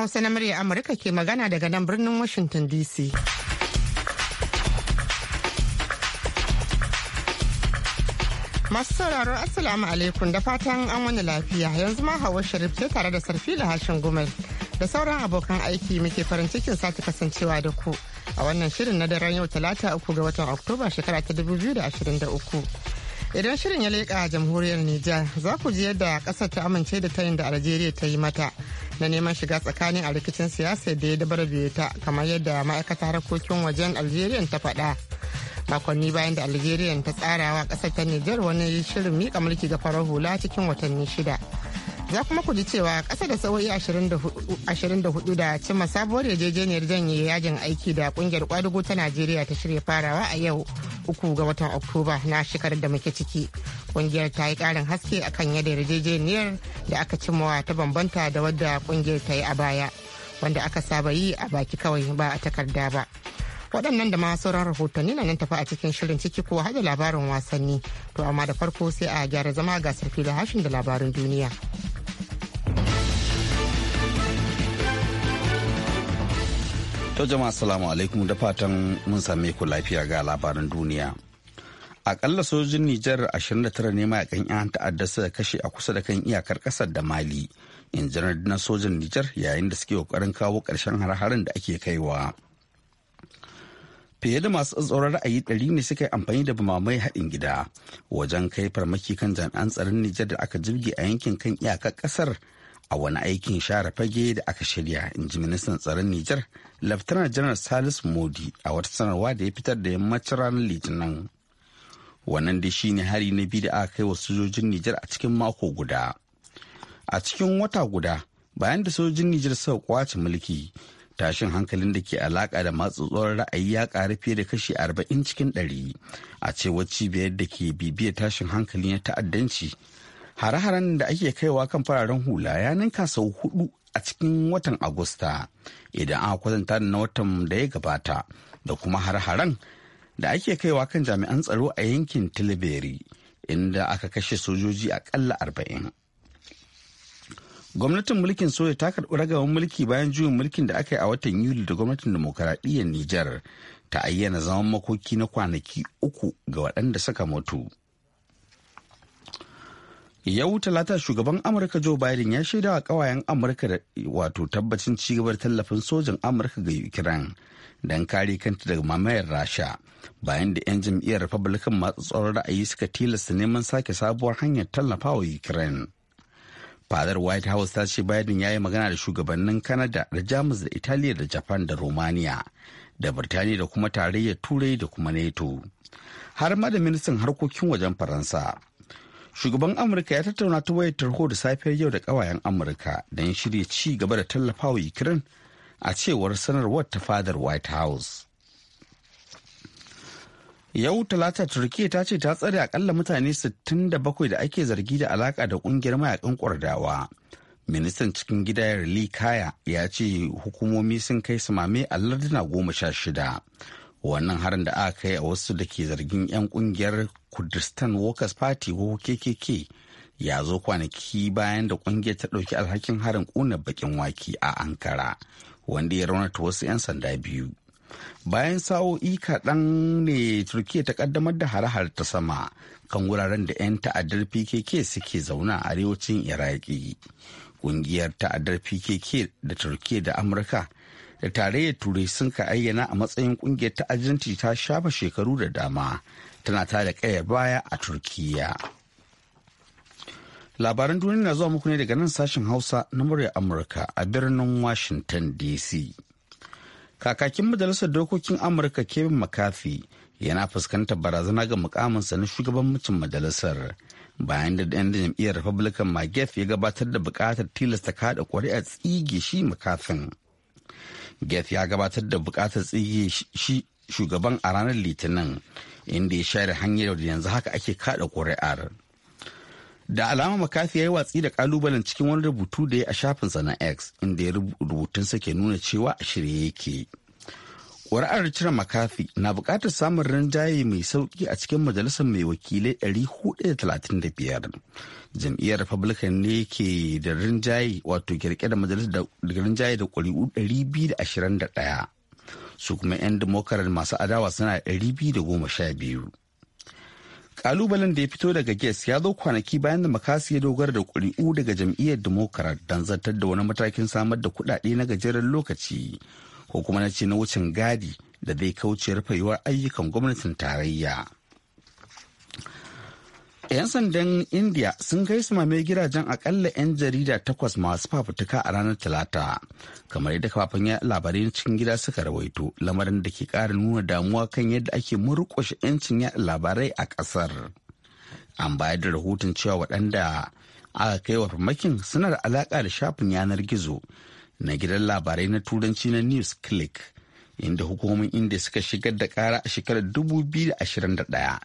Hausa na murya Amurka ke magana daga nan birnin Washington DC. Masu sauraro Assalamu alaikum da fatan an wani lafiya yanzu ma hawa Sharif ce tare da da Hashin gumai da sauran abokan aiki muke farin cikin sati kasancewa da ku a wannan shirin na daren yau talata uku ga watan Oktoba shekara ta dubu biyu da da ashirin uku idan shirin ya leƙa jamhuriyar Nijar za ku ji yadda ƙasar ta amince da tayin da Algeria ta yi mata na neman shiga tsakanin a rikicin siyasa da ya dabarbe ta kamar yadda ma'aikata harkokin wajen algeria ta faɗa makonni bayan da algeria ta tsarawa ƙasar ta niger wani shirin mika mulki ga farar hula cikin watanni shida za kuma ku ji cewa ƙasa da sauyi 24 da cimma sabuwar yarjejeniyar janye yajin aiki da ƙungiyar kwadugo ta najeriya ta shirya farawa a yau uku ga watan oktoba na shekarar da muke ciki kungiyar ta yi karin haske akan yadda yarjejeniyar da aka cimmawa ta bambanta da wadda kungiyar ta yi a baya wanda aka saba yi a baki kawai ba a takarda ba waɗannan da ma sauran rahotanni na nan tafi a cikin shirin ciki ko haɗa labarin wasanni to amma da farko sai a gyara zama gasar fili hashin da labarin duniya To jama'a salamu alaikum da fatan mun same ku lafiya ga labaran duniya. Akalla sojojin Nijar 29 ne mayakan 'yan ta'adda suka kashe a kusa da kan iyakar kasar da Mali. Injinar na sojan Nijar yayin da suke kokarin kawo karshen har-harin da ake kaiwa. Fiye da masu tsoron ra'ayi ɗari ne suka yi amfani da bamamai haɗin gida wajen kai farmaki kan jami'an tsaron Nijar da aka jirge a yankin kan iyakar ƙasar a wani aikin share fage da aka shirya in ji ministan tsaron Nijar, Laftanar Janar Salis Modi a wata sanarwa da ya fitar da yammacin ranar Litinin. Wannan da shi ne hari na biyu da aka kai wa sojojin Nijar a cikin mako guda. A cikin wata guda, bayan da sojojin Nijar suka kwace mulki, tashin hankalin da ke alaka da matsatsuwar ra'ayi ya ƙara fiye da kashi arba'in cikin ɗari, a cewar cibiyar da ke bibiyar tashin hankali na ta'addanci hare-haren da ake kaiwa kan fararen hula ya ninka sau hudu a cikin watan agusta idan aka kwatanta da na watan da ya gabata da kuma hare haren da ake kaiwa kan jami'an tsaro a yankin tilberi inda aka kashe sojoji akalla arba'in. gwamnatin mulkin soja ta karɓi ragaban mulki bayan juyin mulkin da aka yi a watan yuli da gwamnatin demokaradiyyar nijar ta ayyana zaman makoki na kwanaki uku ga waɗanda suka mutu yau talata shugaban amurka joe biden ya shaida wa kawayen amurka da wato tabbacin cigabar tallafin sojan amurka ga ukraine don kare kanta daga mamayar rasha bayan da 'yan jam'iyyar republican masu tsoron ra'ayi suka tilasta neman sake sabuwar hanyar tallafa wa ukraine fadar white house ta ce biden ya yi magana da shugabannin Kanada da jamus da italiya da japan da romania da birtaniya da kuma tarayyar turai da kuma nato har ma da ministan harkokin wajen faransa shugaban amurka ya tattauna ta wayar tarho da safiyar yau da kawayen amurka don shirya ci gaba da tallafawa ukraine a cewar sanarwar ta fadar white house yau talata Turkiyya ta ce ta tsare akalla mutane 67 da ake zargi da alaka da kungiyar mayakan kwardawa ministan cikin gida Rili Kaya ya ce hukumomi sun kai samame a lardina goma sha shida wannan harin da aka kai a wasu da ke zargin 'yan kungiyar kurdistan workers party ko kkk ya zo kwanaki bayan da kungiyar ta ɗauki alhakin harin ƙuna bakin wake a ankara wanda ya raunata wasu 'yan sanda biyu bayan sa'o'i kaɗan ne turkiya ta ƙaddamar da har har ta sama kan wuraren da 'yan ta'addar pkk suke zauna a arewacin iraki kungiyar ta'addar pkk da turkiya da amurka da tarayyar turai sun ka ayyana a matsayin kungiyar ta'addanci ta shafa shekaru da dama tana ta da kaya baya a turkiya labaran duniya na zuwa muku ne daga nan sashen hausa na murya amurka a birnin washington dc kakakin majalisar dokokin amurka kevin mccarthy yana fuskantar barazana ga mukaminsa na shugaban mucin majalisar bayan da ɗan jam'iyyar republican magef ya gabatar da bukatar tilasta kada ƙuri'a tsige shi mccarthy Geth ya gabatar da bukatar tsige shi shugaban a ranar Litinin inda ya share hanyar da yanzu haka ake kada kuri'ar Da alama makafi ya yi watsi da kalubalen cikin wani rubutu da ya a shafinsa na X inda ya rubutunsa ke nuna cewa a shirye yake. Ƙuri'ar cire makafi na buƙatar samun rinjaye mai sauƙi a cikin majalisar mai wakilai 435. Jam'iyyar Republican ne ke da rinjaye wato kirke da majalisar da rinjaye da da 221. Su kuma 'yan Democrat masu adawa suna 212. kalubalen da ya fito daga ges ya zo kwanaki bayan da makasi ya dogara da kuri'u daga jam'iyyar democrat don zartar da wani matakin samar da kuɗaɗe na gajeren lokaci ko kuma na ce na wucin gadi da zai kauce rufe ayyukan gwamnatin tarayya. 'Yan sandan India sun kai su mamaye gidajen akalla 'yan jarida takwas masu fafutuka a ranar Talata, kamar yadda kafafen ya labarai na cikin gida suka rawaito lamarin da ke ƙara nuna damuwa kan yadda ake murƙushe 'yancin yaɗa labarai a ƙasar. An bayar da rahoton cewa waɗanda aka kai wa farmakin suna da alaƙa da shafin yanar gizo na gidan labarai na turanci na news click inda hukumomin inda suka shigar da kara a shekarar 2021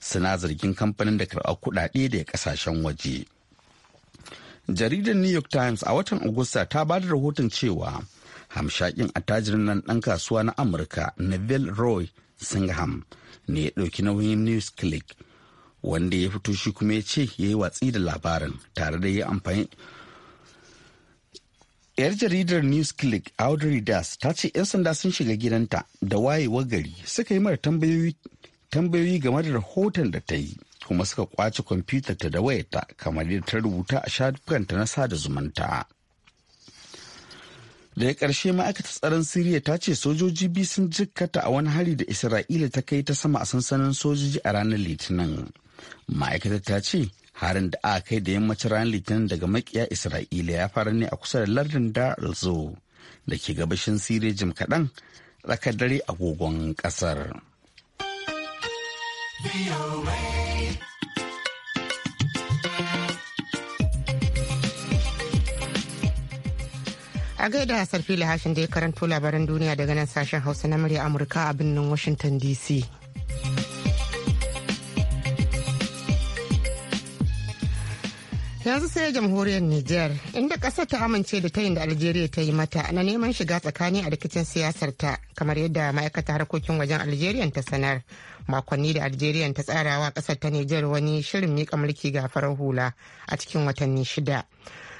suna zargin kamfanin da karɓar kuɗaɗe da kasashen waje jaridar new york times a watan agusta ta ba da rahoton cewa hamshakin attajirin nan ɗan kasuwa na amurka neville roy singham ne ya ɗauki nauyin news click wanda ya fito shi kuma ya ce ya yi watsi da labarin tare da ya amfani yar jaridar click audrey das ta ce 'yan sanda sun shiga gidanta da wayewar gari suka yi mara tambayoyi game da rahoton da ta yi kuma suka kwace ta da wayata kamar yadda ta rubuta a shafukanta na sada zumunta daga ƙarshe ma'aikatar tsaron siriya ta ce sojoji biyu sun jikkata a wani hari da isra'ila ta kai ta sama a sansanin sojoji a ranar litinin ma'aikatar ta ce harin da aka kai da yammacin ranar litinin daga makiya isra'ila ya fara ne a kusa da lardin da alzo da ke gabashin siriya jim kaɗan tsakar dare agogon ƙasar a gaida sarfi lahashin da ya karanto labaran duniya daga nan sashen hausa na murya amurka a birnin washington dc yanzu sai jamhuriyar nijar inda ƙasar ta amince da tayin da algeria ta yi mata na neman shiga tsakani a rikicin siyasar ta kamar yadda ma'aikata harkokin wajen algeria ta sanar makonni da algeria ta tsarawa ƙasar ta nijar wani shirin miƙa mulki ga farar hula a cikin watanni shida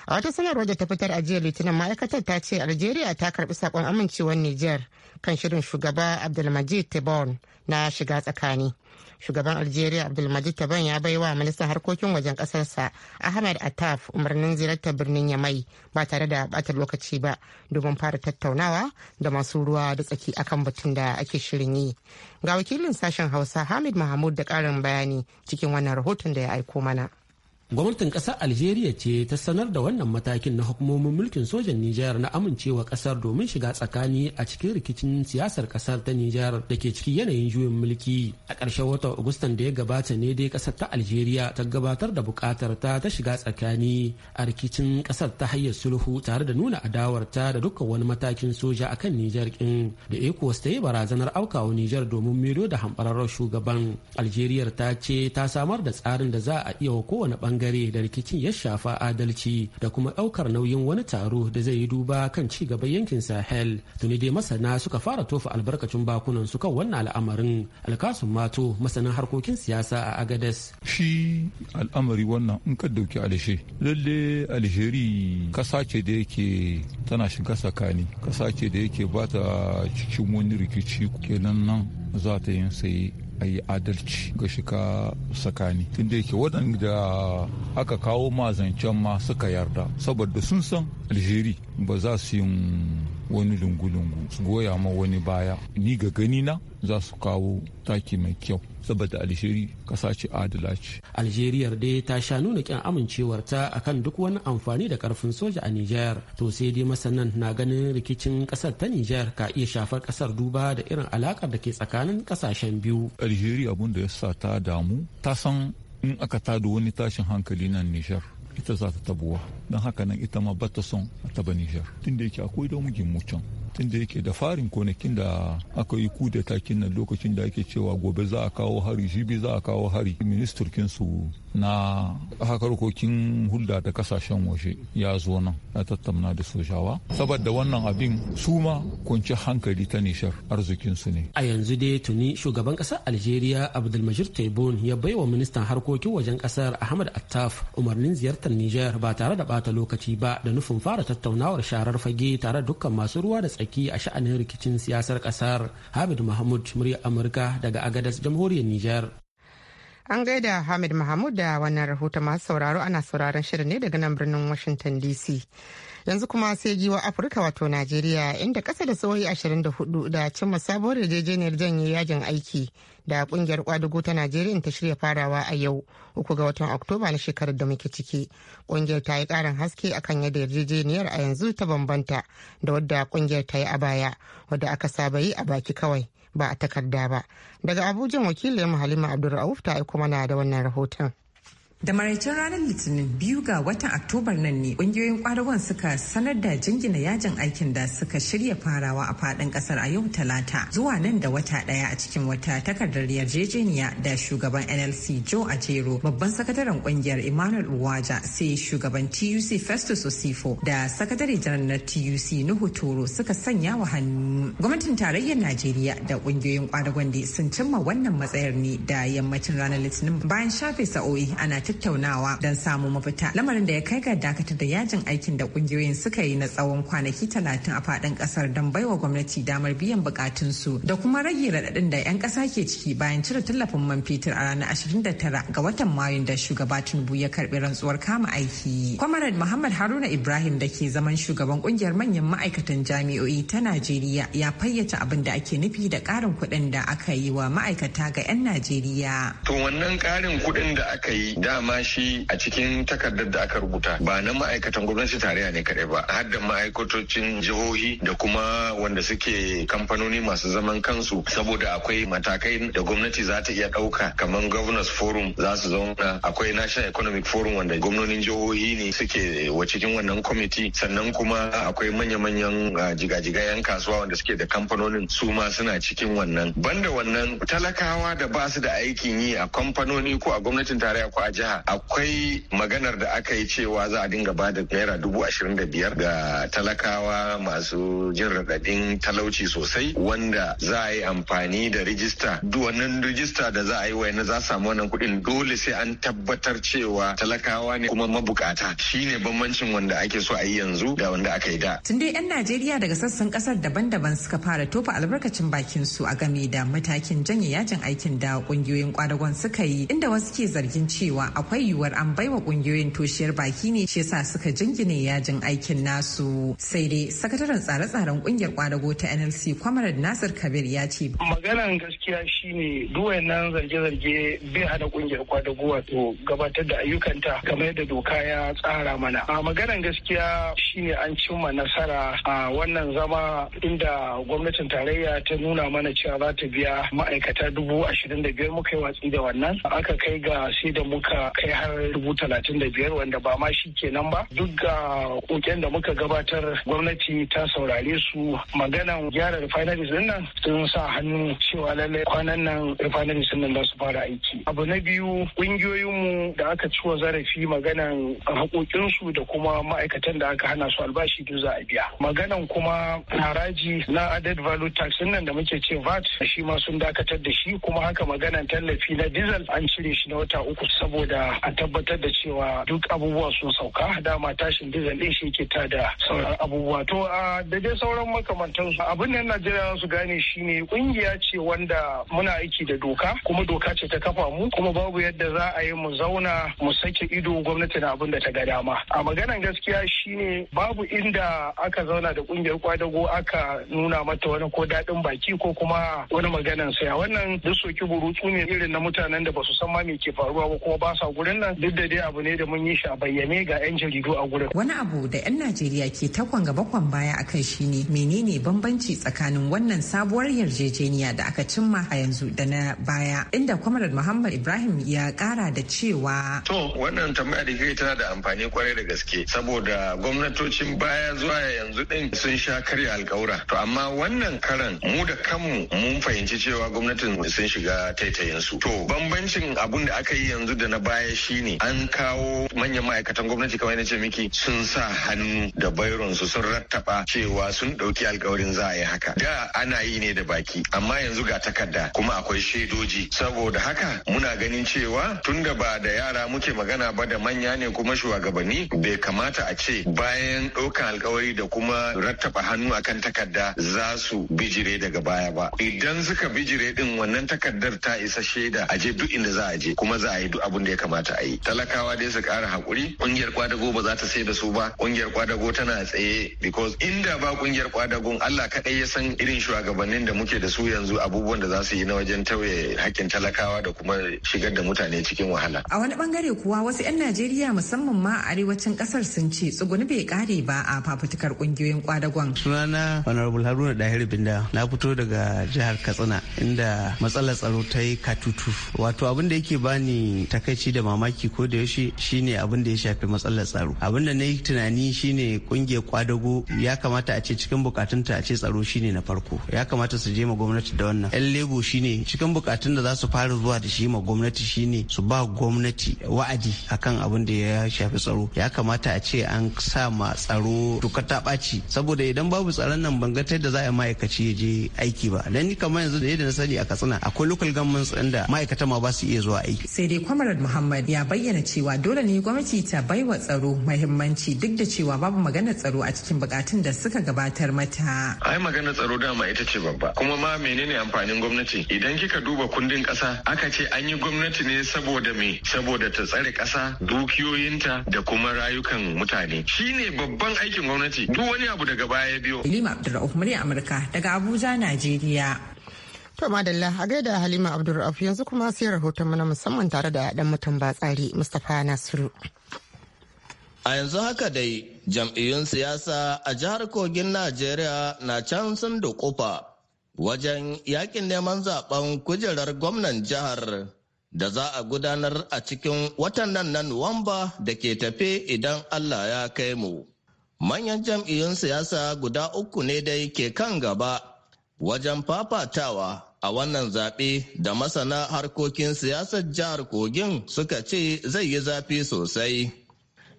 a wata sanarwar da ta fitar a jiya litinin ma'aikatar ta ce algeria ta karbi sakon amincewar nijar kan shirin shugaba abdulmajid tebboune na shiga tsakani shugaban algeria abdulmajid taban ya bai wa ministan harkokin wajen kasarsa ahmed ataf umarnin ziyartar birnin yamai ba tare da bata lokaci ba domin fara tattaunawa da masu ruwa da tsaki akan batun da ake shirin yi ga wakilin sashen hausa hamid mahmud da karin bayani cikin wannan rahoton da ya aiko mana Gwamnatin ƙasar Algeria ce ta sanar da wannan matakin na hukumomin mulkin sojan Nijar na amincewa ƙasar domin shiga tsakani a cikin rikicin siyasar ƙasar ta Nijar da ke ciki yanayin juyin mulki. A ƙarshen watan Agustan da ya gabata ne dai ƙasar ta Algeria ta gabatar da buƙatar ta ta shiga tsakani a rikicin ƙasar ta hanyar sulhu tare da nuna adawarta da dukkan wani matakin soja akan Nijar ƙin da ECOWAS ta yi barazanar aukawa Nijar domin milo da hambararren shugaban. Algeria ta ce ta samar da tsarin da za a iya wa kowane ɓangare bangare da rikicin ya shafa adalci da kuma ɗaukar nauyin wani taro da zai yi duba kan ci gaban yankin sahel tuni dai masana suka fara tofa albarkacin bakunan su kan wannan al'amarin alkasun mato masanin harkokin siyasa a agades shi al'amari wannan in ka dauki alishe lalle alsheri kasa ce da yake tana shiga tsakani kasa ce da yake bata cikin wani rikici kenan nan za ta yin sai a yi adalci ga shiga tsakani inda yake waɗanda aka kawo ma zancen ma suka yarda saboda sun san algeria ba za su yi wani lungu-lungu su goya ma wani baya ni ga gani na za su kawo taki mai kyau saboda algeria kasa ce adala ce algeria dai ta sha nuna kyan amincewarta akan duk wani amfani da karfin soja a niger to sai dai masanan na ganin rikicin kasar ta niger ka iya shafar kasar duba da irin alakar da ke tsakanin kasashen biyu algeria abun da ya sa ta damu ta san in aka tada wani tashin hankali nan nijar. ita za ta tabuwa don haka nan ita ma bata son a taba nijar tun da yake akwai da mugin can da yake da farin konakin da aka yi kuda takin nan lokacin da ake cewa gobe za a kawo hari jibi za a kawo hari ministurkin na harkokin hulda da kasashen waje ya zo nan a tattauna da sojawa saboda wannan abin su ma kunci hankali ta nishar arzikinsu ne a yanzu dai tuni shugaban kasar algeria abdulmajir tebun ya baiwa ministan harkokin wajen kasar ahmad attaf umarnin ziyartar niger ba tare da bata lokaci ba da nufin fara tattaunawar sharar fage tare da dukkan masu ruwa da tsaki a sha'anin rikicin siyasar kasar hamid mahmud murya amurka daga agadas jamhuriyar Nijar. an gaida hamid mahmud da wannan rahoton masu sauraro ana sauraron shirin ne daga nan birnin washington dc yanzu kuma sai giwa afirka wato najeriya inda kasa da tsohi 24 da cimma sabuwar yarjejeniyar janye yajin aiki da kungiyar kwadugo ta najeriya ta shirya farawa a yau uku ga watan oktoba na shekarar da muke ciki kungiyar ta yi karin haske akan yadda yarjejeniyar a yanzu ta bambanta da wadda kungiyar ta yi a baya wadda aka saba yi a baki kawai ba a takarda ba daga abuja wakilin halima abdulrauf ta aiko mana da wannan rahoton Da maraicin ranar Litinin biyu ga watan Oktobar nan ne ƙungiyoyin kwadagon suka sanar da jingina yajin aikin da suka shirya farawa a faɗin ƙasar a yau talata zuwa nan da wata ɗaya a cikin wata takardar yarjejeniya da shugaban NLC Joe Ajero babban sakataren ƙungiyar Emmanuel Uwaja sai shugaban TUC Festus Osifo da sakatare janar na TUC Nuhu Toro suka sanya wa hannu. Gwamnatin tarayyar Najeriya da ƙungiyoyin kwadagon sun cimma wannan matsayar ne da yammacin ranar Litinin bayan shafe sa'o'i ana tattaunawa don samu mafita lamarin da ya kai ga dakatar da yajin aikin da kungiyoyin suka yi na tsawon kwanaki talatin a fadin kasar don baiwa gwamnati damar biyan bukatun su da kuma rage raɗaɗin da 'yan ƙasa ke ciki bayan cire tallafin man fetur a ranar 29 ga watan mayu da shugaba tinubu ya karɓi rantsuwar kama aiki kwamarad muhammad haruna ibrahim da ke zaman shugaban kungiyar manyan ma'aikatan jami'o'i ta najeriya ya fayyace abin da ake nufi da ƙarin kuɗin da aka yi wa ma'aikata ga 'yan najeriya to wannan ƙarin kuɗin da aka yi da dama shi a cikin takardar da aka rubuta ba na ma'aikatan gwamnati tarayya ne kaɗai ba har da ma'aikatocin jihohi da kuma wanda suke kamfanoni masu zaman kansu saboda akwai matakai da gwamnati za ta iya ɗauka kamar governors forum za su zauna akwai national economic forum wanda gwamnonin jihohi ne suke wa cikin wannan kwamiti sannan kuma akwai manya-manyan jigajigayen kasuwa wanda suke da kamfanonin su ma suna cikin wannan banda wannan talakawa da ba su da aikin yi a kamfanoni ko a gwamnatin tarayya ko a jihar jiha akwai maganar da aka yi cewa za a dinga ba da naira dubu ashirin da biyar ga talakawa masu jin raɗaɗin talauci sosai wanda za a yi amfani da rijista duk wannan rijista da za a yi wayan za samu wannan kuɗin dole sai an tabbatar cewa talakawa ne kuma mabukata shine bambancin wanda ake so a yi yanzu da wanda aka yi da. Tun dai 'yan Najeriya daga sassan kasar daban-daban suka fara tofa albarkacin bakin su a game da matakin janye yajin aikin da ƙungiyoyin kwadagon suka yi inda wasu ke zargin cewa akwai yiwuwar an baiwa kungiyoyin toshiyar baki ne shi yasa suka jingine yajin aikin nasu sai dai sakataren tsare-tsaren kungiyar kwadago ta nlc kwamarad nasir kabir ya ce maganan gaskiya shine duwayen zarge-zarge bai hana kungiyar kwadago wato gabatar da ayyukanta kamar da doka ya tsara mana a maganan gaskiya shine an cimma nasara a wannan zama inda gwamnatin tarayya ta nuna mana cewa za ta biya ma'aikata dubu ashirin da biyar muka yi watsi da wannan aka kai ga sai da muka kai har dubu talatin da biyar wanda ba ma shi kenan ba duk ga kokin da muka gabatar gwamnati ta saurare su maganan gyara refineries din nan sun sa hannu cewa lallai kwanan nan refineries din za su fara aiki abu na biyu mu da aka ciwo zarafi maganan haƙoƙinsu da kuma ma'aikatan da aka hana su albashi duk za a biya maganan kuma haraji na added value tax nan da muke ce vat shi ma sun dakatar da shi kuma haka maganan tallafi na diesel an cire shi na wata uku saboda da a tabbatar da cewa duk abubuwa sun sauka dama tashin dizal ɗin shi ke da sauran abubuwa to a da sauran makamantan su abin da Najeriya su gane shine kungiya ce wanda muna aiki da doka kuma doka ce ta kafa mu kuma babu yadda za a yi mu zauna mu sake ido gwamnati na abin da ta ga dama a maganan gaskiya shine babu inda aka zauna da kungiyar kwadago aka nuna mata wani ko daɗin baki ko kuma wani maganan saya wannan duk soki burutu ne irin na mutanen da ba su san ma me ke faruwa ba kuma ba sa a gurin nan duk da dai abu ne da mun yi shi a bayyane ga 'yan jaridu a gurin. Wani abu da 'yan Najeriya ke takwan gaba kwan baya kan shi ne menene bambanci tsakanin wannan sabuwar yarjejeniya da aka cimma a yanzu da na baya inda Kwamarar Muhammad Ibrahim ya kara da cewa. To wannan tambaya da kai tana da amfani kwarai da gaske saboda gwamnatocin baya zuwa yanzu din sun sha karya alkawura to amma wannan karan mu da kanmu mun fahimci cewa gwamnatin sun shiga taitayinsu. To bambancin abun da aka yi yanzu da na baya shine an kawo manyan ma'aikatan gwamnati kamar yadda ce miki sun sa hannu da bayron su sun rattaba cewa sun dauki alkawarin za a yi haka da ana yi ne da baki amma yanzu ga takarda kuma akwai shaidoji saboda haka muna ganin cewa tunda ba da yara muke magana ba da manya ne kuma shugabanni bai kamata a ce bayan ɗaukan alkawari da kuma rattaba hannu akan takarda za su bijire daga baya ba idan suka bijire din wannan takardar ta isa shaida a je duk inda za a je kuma za a yi duk abin da ya kamata a yi talakawa dai su kara hakuri ƙungiyar kwadago ba za ta sai da su ba ƙungiyar kwadago tana tsaye because inda ba ƙungiyar kwadagon Allah kaɗai ya san irin shugabannin da muke da su yanzu abubuwan da za su yi na wajen tauye haƙƙin talakawa da kuma shigar da mutane cikin wahala. A wani bangare kuwa wasu 'yan Najeriya musamman ma a arewacin ƙasar sun ce tsuguni bai ƙare ba a fafutukar ƙungiyoyin kwadagon. Sunana Honorable Haruna Dahir Binda na fito daga jihar Katsina inda matsalar tsaro ta yi katutu wato abin da yake bani takaici shi da mamaki ko da yaushe shine abin da ya shafi matsalar tsaro abin da na yi tunani shine kungiyar kwadago ya kamata a ce cikin bukatunta a ce tsaro shine na farko ya kamata su je ma gwamnati da wannan yan lebo shine cikin bukatun da za su fara zuwa da shi ma gwamnati shine su ba gwamnati wa'adi akan abin da ya shafi tsaro ya kamata a ce an sa ma tsaro tuka ta ɓaci saboda idan babu tsaron nan ban ga da za a ma'aikaci ya je aiki ba dan ni kamar yanzu da yadda na sani a katsina akwai local governments da ma'aikata ma ba su iya zuwa aiki sai dai comrade Muhammad ya bayyana cewa dole ne gwamnati ta baiwa tsaro muhimmanci duk da cewa babu magana tsaro a cikin bukatun da suka gabatar mata. Ai magana tsaro dama ita ce babba. Kuma ma menene amfanin gwamnati? Idan kika duba kundin kasa aka ce an yi gwamnati ne saboda me? Saboda ta tsare kasa, dukiyoyinta da kuma rayukan mutane. Shine babban aikin gwamnati. Duk wani abu daga baya biyo. Halima Abdulrahman Amurka daga Abuja, Najeriya. To madalla a gaida Halima Abdulrauf yanzu kuma sai rahoton na musamman tare da dan mutum ba tsari Mustapha Nasiru. A yanzu haka dai jam'iyyun siyasa a jihar Kogin Najeriya na can sun dukufa wajen yakin neman zaben kujerar gwamnan jihar da za a gudanar a cikin watan nan na Nuwamba da ke tafe idan Allah ya kai mu. Manyan jam'iyyun siyasa guda uku ne dai ke kan gaba wajen fafatawa a wannan zaɓe da masana harkokin siyasar jihar Kogin suka ce zai yi zafi sosai.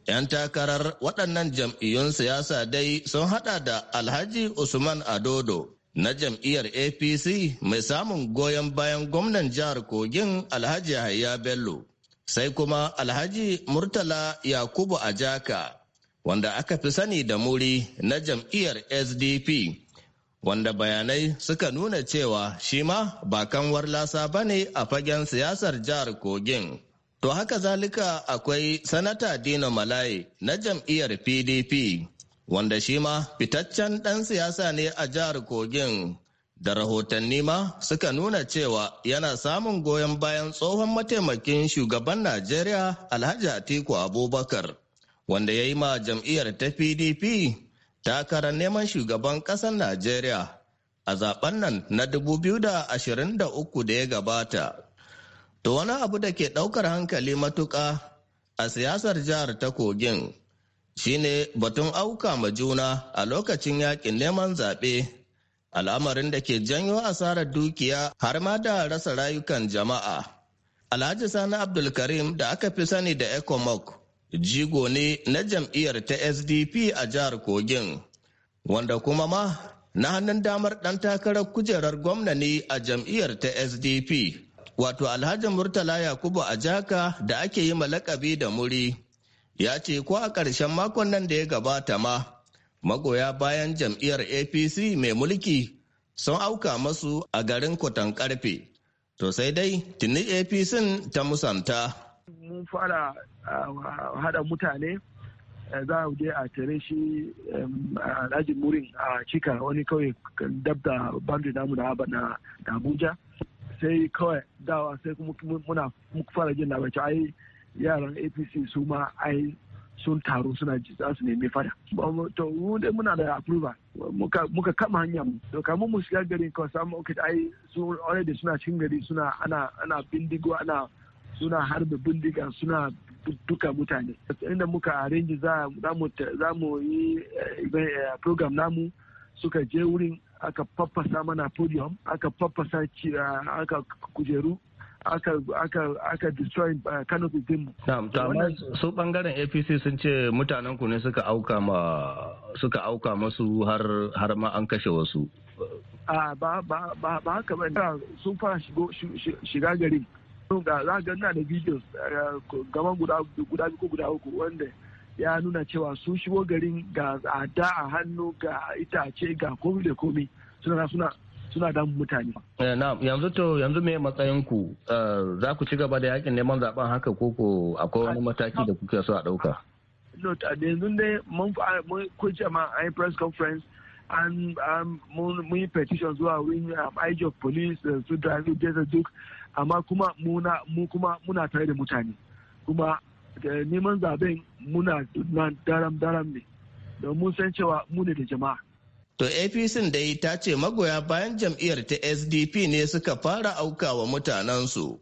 'Yan takarar waɗannan jam'iyyun siyasa dai sun haɗa da Alhaji Usman Adodo na jam'iyyar APC mai samun goyon bayan gwamnan jihar Kogin Alhaji Hayya Bello, sai kuma Alhaji Murtala Yakubu Ajaka, wanda aka fi sani da muri na jam'iyyar SDP. wanda bayanai suka nuna cewa shi ma ba kanwar lasa ba ne a fagen siyasar jihar Kogin. To haka zalika akwai Sanata Dino mala'i, na jam'iyyar PDP, wanda shi ma fitaccen ɗan siyasa ne a jihar Kogin. Da rahotanni ma suka nuna cewa yana samun goyon bayan tsohon mataimakin shugaban Najeriya Alhaji Atiku Abubakar, wanda ya yi ma jam'iyyar ta PDP takarar neman shugaban ƙasar Najeriya a zaben nan na 2023 da ya gabata. To wani abu da ke ɗaukar hankali matuƙa a siyasar jihar ta kogin shine batun auka ma juna a lokacin yakin neman zaɓe al'amarin da ke janyo asarar dukiya har ma da rasa rayukan jama'a. Alhaji Sani Abdulkarim da aka fi sani da Ecomog jigo ne na jam'iyyar ta SDP a jihar Kogin, wanda kuma ma na hannun damar ɗan takarar kujerar gwamna ne a jam'iyyar ta SDP. Wato Alhaji Murtala Yakubu a jaka da ake yi malakabi da muri, ya ce ko a ƙarshen makon nan da ya gabata ma, magoya bayan jam'iyyar APC mai mulki sun auka masu a garin Kotan Karfe. To sai dai, tuni APC ta musanta. mun fara hada mutane eh, za a je a tare shi a rajin murin a cika wani kawai dab da bandit namu na abuja sai kawai dawa sai kuma muna fara jin labarci ai yaran apc su ma ai sun taru suna za su nemi fada to mu dai muna da approval muka kama hanya mu to kamun mu shiga gari kawai samu ai su already suna cikin gari suna ana ana bindigo ana suna harbe bindiga suna duka mutane inda muka arrange za mu yi eh, eh, program namu suka je wurin aka faffasa mana podium aka faffasa eh, aka kujeru aka destroy canopy din na'am amma su bangaren APC sun ce mutanen ku ne suka auka ma masu har ma an kashe wasu ah, ba ba ba ne. haka ba sun fara shiga garin ga za ga na da videos gaban eh, guda guda ko guda uku wanda ya nuna cewa sun shigo garin ga tsada a hannu ga itace ga komi da komi suna suna suna damun mutane. Eh, yanzu to yanzu me matsayin ku eh, za ku ci gaba da yakin neman zaben haka ko ko akwai wani mataki da kuke so a dauka. No, yanzu dai mun ko jama'a a press conference an mun yi petition zuwa wurin um, IG of police su driving duk amma kuma muna mu kuma muna tare da mutane kuma eh, neman zaben muna daram daram ne don mun san cewa mu ne da jama'a To APC dai ta ce magoya bayan jam'iyyar ta SDP ne suka fara auka aukawa mutanensu.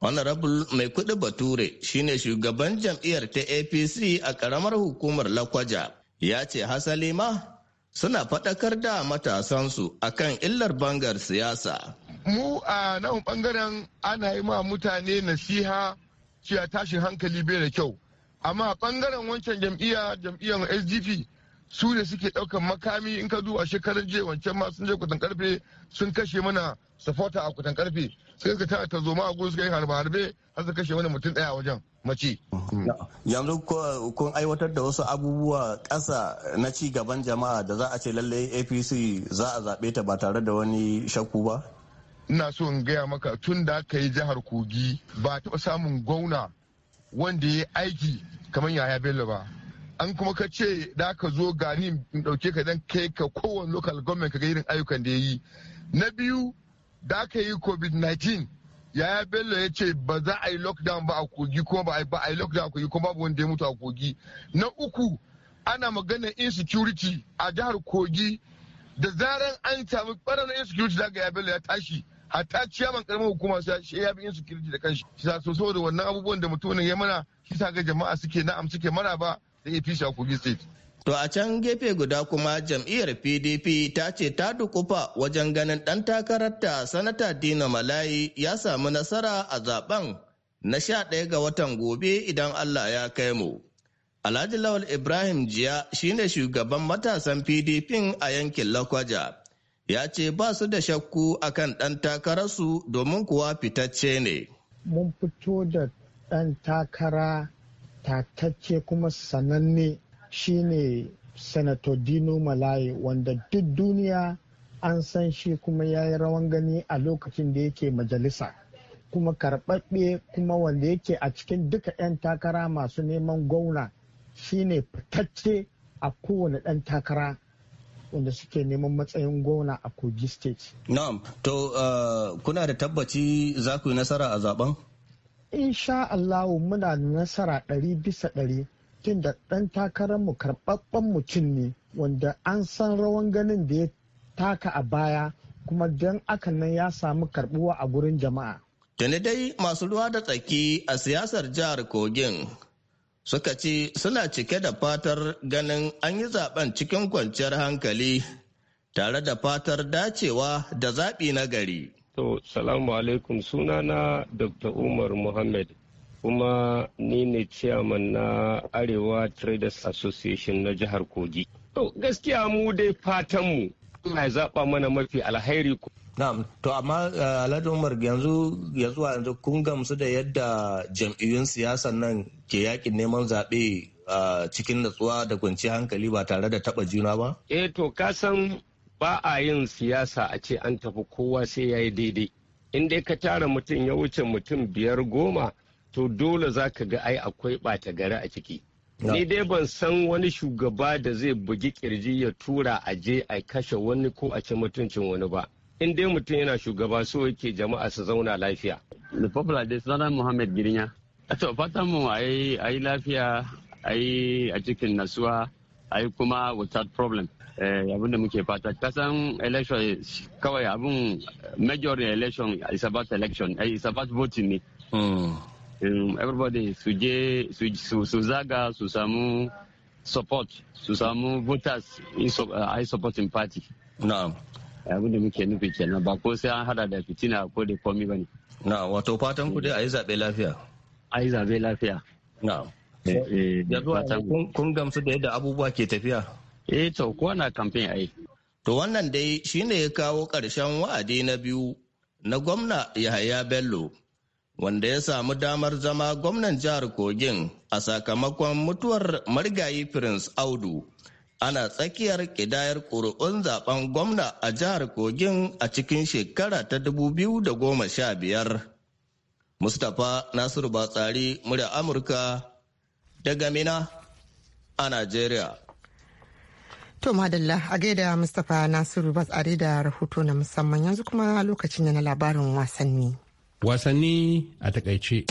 Honorable mai kuɗi Bature shine shugaban jam'iyyar ta APC a ƙaramar hukumar Lakwaja. Ya ce hasali ma suna faɗakar da matasansu akan illar bangar siyasa. mu a nan bangaren ana yi ma mutane nasiha cewa tashin hankali bai da kyau amma bangaren wancan jam'iyya jam'iyyar sdp su ne suke daukan makami in ka duba shekarar jiya wancan ma sun je kutan karfe sun kashe mana safota a kutan karfe sai ka tana ta zo a gudu suka yi harbe harbe har su kashe wani mutum daya wajen mace. yanzu kun aiwatar da wasu abubuwa kasa na ci gaban jama'a da za a ce lallai apc za a zaɓe ta ba tare da wani shakku ba. ina so in gaya maka tun da aka yi jihar kogi ba taba samun gwauna wanda ya aiki kamar yaya bello ba an kuma ka ce da aka zo gani in dauke ka dan kai ka kowane local government ka ga irin ayyukan da ya yi na biyu da aka yi covid-19 yaya bello ya ce ba za a yi lockdown ba a kogi kuma ba a yi lockdown a kogi kuma babu wanda ya mutu a kogi na uku ana maganar insecurity a jihar kogi da zaran an samu ɓaranar insecurity za ga ya bello ya tashi hatta ciyaman karamin hukuma shi ya bi insecurity da kanshi shi so saboda wannan abubuwan da mutumin ya mana shi sa ga jama'a suke na'am suke mara ba da APC a Kogi state To a can gefe guda kuma jam'iyyar PDP ta ce ta dukufa wajen ganin ɗan takararta sanata Dina Malayi ya samu nasara a zaben na sha ɗaya ga watan gobe idan Allah ya kai mu. Alhaji Lawal Ibrahim Jiya shine shugaban matasan PDP a yankin Lakwaja. ya ce ba su da shakku akan ɗan takararsu domin kuwa fitacce ne. Mun fito da ɗan takara tatacce kuma sananne shine Senator Dino Malaye wanda duk duniya an san shi kuma ya yi rawan gani a lokacin da yake majalisa kuma karɓaɓɓe kuma wanda yake a cikin duka 'yan takara masu neman gwauna shine fitacce a kowane ɗan takara wanda suke neman matsayin gona a kogi state na'am to uh, kuna da tabbaci za ku yi nasara a zaben insha allahu muna da nasara ɗari bisa ɗari tun da ɗan takararmu karɓaɓɓen mutum ne wanda an san rawan ganin da ya taka a baya kuma don aka nan ya samu karɓuwa a gurin jama'a. Tuni dai masu ruwa da tsaki a siyasar jihar Kogin suka ce suna cike da fatar ganin an yi zaben cikin kwanciyar hankali tare da fatar dacewa da zaɓi na gari. To, salamu alaikum sunana Dr. Umar Muhammad kuma ni ne ciyaman na Arewa Traders Association na jihar Kogi. To, gaskiya mu dai fatanmu Allah ya zaɓa mana mafi alhairi Na'am, to amma eh, Alhaji Umar yanzu ya zuwa yanzu kun gamsu da yadda jam'iyyun siyasan nan ke yakin neman zaɓe eh, cikin natsuwa da kwanciyar hankali ba tare da taɓa juna ba? Eh to ka san ba a yin siyasa a ce an tafi kowa sai ya yi daidai. In dai ka tara mutum ya wuce mutum biyar goma to dole za ka ga ai akwai ɓata gari a ciki. Ni dai ban san wani shugaba da zai bugi kirji ya tura a je a kashe wani ko a ce mutuncin wani ba. in dai mutum yana shugaba so yake jama'a su zauna lafiya. The popular dai sunana Muhammad Girinya. A to fatan mu a yi lafiya a yi a cikin nasuwa a yi kuma without problem. Eh, abin da muke fata kasan election kawai abin major election is about election eh, is about voting ne. Hmm. Um, everybody su je su zaga su samu support su samu voters in uh, high supporting party. Na'am. abin da muke nufi kenan ba ko sai an hada da fitina ko da komi ba ne. na wato fatan ku dai a yi zaɓe lafiya. a yi zaɓe lafiya. na eh, eh, yanzu kun gamsu da yadda abubuwa ke tafiya. eh to ko na kamfen ai. to wannan dai shine ya kawo ƙarshen wa'adi na biyu na gwamna yahaya bello wanda ya samu damar zama gwamnan jihar kogin a sakamakon mutuwar marigayi prince audu ana tsakiyar kidayar ƙuri'un zaben gwamna a jihar Kogin a cikin shekara ta 2015. Mustapha Nasiru Batsari murya Amurka daga Mina a Najeriya. To madalla a gaida Mustapha Nasiru Batsari da rahoto na musamman yanzu kuma lokacin na labarin wasanni. Wasanni a takaice.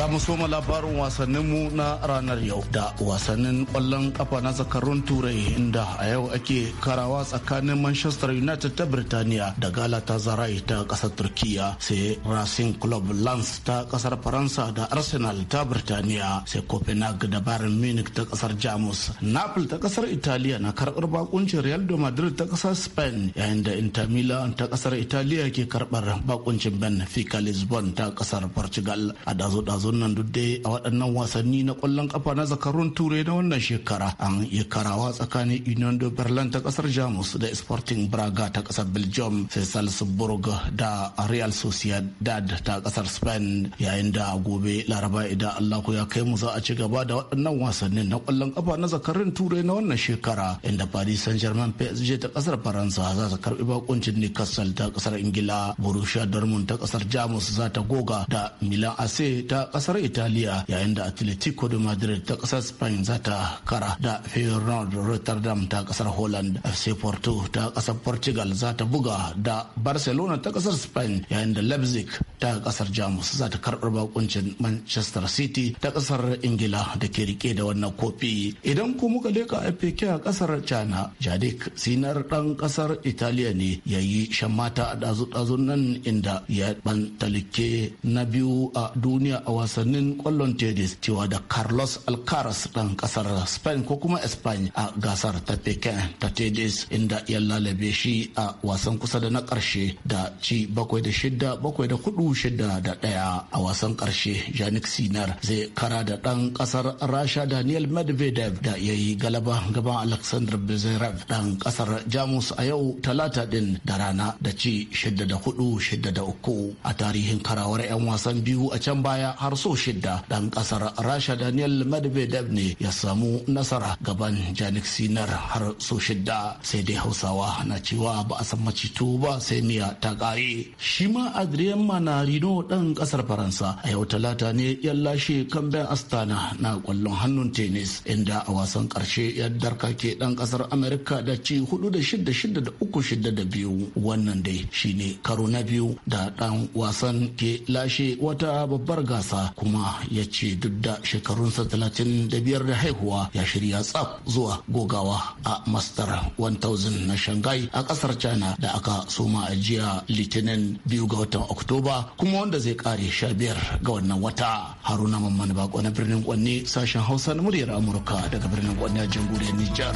Za mu soma labarin wasanninmu na ranar yau da wasannin ƙwallon kafa na zakarun turai inda a yau ake karawa tsakanin Manchester United ta Birtaniya da gala ta ta kasar Turkiya sai Racing Club lance ta kasar Faransa da Arsenal ta Birtaniya sai Copenhagen da Bayern Munich ta kasar Jamus. Napoli ta kasar Italiya na karbar bakuncin Real de Madrid ta kasar Spain yayin da Inter Milan ta kasar Italiya ke karbar bakuncin Benfica Lisbon ta kasar Portugal a dazo-dazo sunan duk dai a waɗannan wasanni na ƙwallon kafa na zakarun turai na wannan shekara an yi karawa tsakanin union de berlin ta ƙasar jamus da sporting braga ta ƙasar belgium sai salzburg da real sociedad ta ƙasar spain yayin da gobe laraba idan allah ya kai mu za a ci gaba da waɗannan wasannin na ƙwallon kafa na zakarun turai na wannan shekara inda paris saint germain psg ta ƙasar faransa za ta karɓi bakuncin newcastle ta ƙasar ingila borussia dortmund ta ƙasar jamus za ta goga da milan ac ta kasar Italiya yayin da Atletico de Madrid ta kasar Spain za ta kara da Feyenoord Rotterdam ta kasar Holland FC Porto ta kasar Portugal za ta buga da Barcelona ta kasar Spain yayin da Leipzig ta kasar Jamus za ta karbar bakuncin Manchester City ta kasar Ingila da ke rike da wannan kofi. Idan ko muka leka FPK a kasar China, Jadik Sinar dan kasar Italiya ne ya yi shan a dazu-dazun nan inda ya ban talike na biyu a duniya a wasannin kwallon tennis cewa da carlos alcaraz dan kasar spain ko kuma spain a gasar ta pekin ta tennis inda ya lalabe shi a wasan kusa da na karshe da ci bakwai da shida bakwai da hudu shida da daya a wasan karshe janik sinar zai kara da dan kasar rasha daniel medvedev da ya yi galaba gaban alexander bezerev dan kasar jamus a yau talata din da rana da ci shida da hudu shida da uku a tarihin karawar 'yan wasan biyu a can baya har har so shida dan kasar rasha daniel medvedev ne ya samu nasara gaban janik sinar har so shida sai dai hausawa na cewa ba a san macito ba sai miya ta kare shi ma adrien manarino dan kasar faransa a yau talata ne ya lashe bayan astana na kwallon hannun tennis inda a wasan karshe ya darkake dan kasar amerika da ci hudu da shida shida da uku shida da biyu wannan dai shine karo na biyu da dan wasan ke lashe wata babbar gasa kuma ya ce duk da shekarunsa talatin da biyar da haihuwa ya shirya tsaf zuwa gogawa a Master 1000 na Shanghai a kasar China da aka soma a jiya Litinin biyu ga watan Oktoba kuma wanda zai kare sha ga wannan wata. Haruna Mamman Bako na birnin Kwanne sashen Hausa na muryar Amurka daga birnin Kwanne a jamhuriyar Nijar.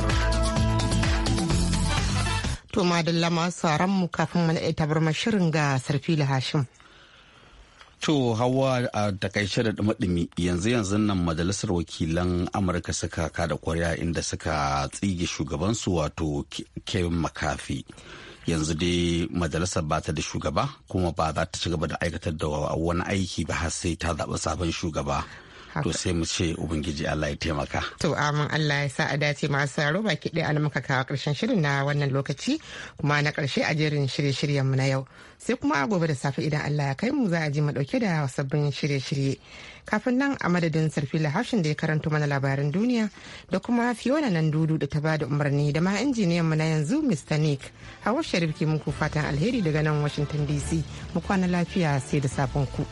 To madalla masu mu kafin mu ita bar shirin ga Sarfila Hashim. To hawa a takaice da dumi yanzu yanzu nan majalisar wakilan Amurka suka kada kwarya inda suka tsige shugabansu wato Kevin mccarthy Yanzu dai majalisar ba ta da shugaba kuma ba za ta ci gaba da aikatar da wani aiki ba har sai ta zaɓi sabon shugaba. to sai mu ce ubangiji Allah ya taimaka to amin Allah ya sa a dace masu saro baki ɗaya an muka kawo ƙarshen shirin na wannan lokaci kuma na ƙarshe a jerin shirye-shiryen mu na yau sai kuma a gobe da safe idan Allah ya kai mu za a ji mu ɗauke da sabbin shirye-shirye kafin nan a madadin sarfila hashin da ya karanto mana labaran duniya da kuma fiona nan dudu da ta ba da umarni da ma injiniyan mu na yanzu mr nick hawa sharif ke muku fatan alheri daga nan washington dc mu kwana lafiya sai da safin ku.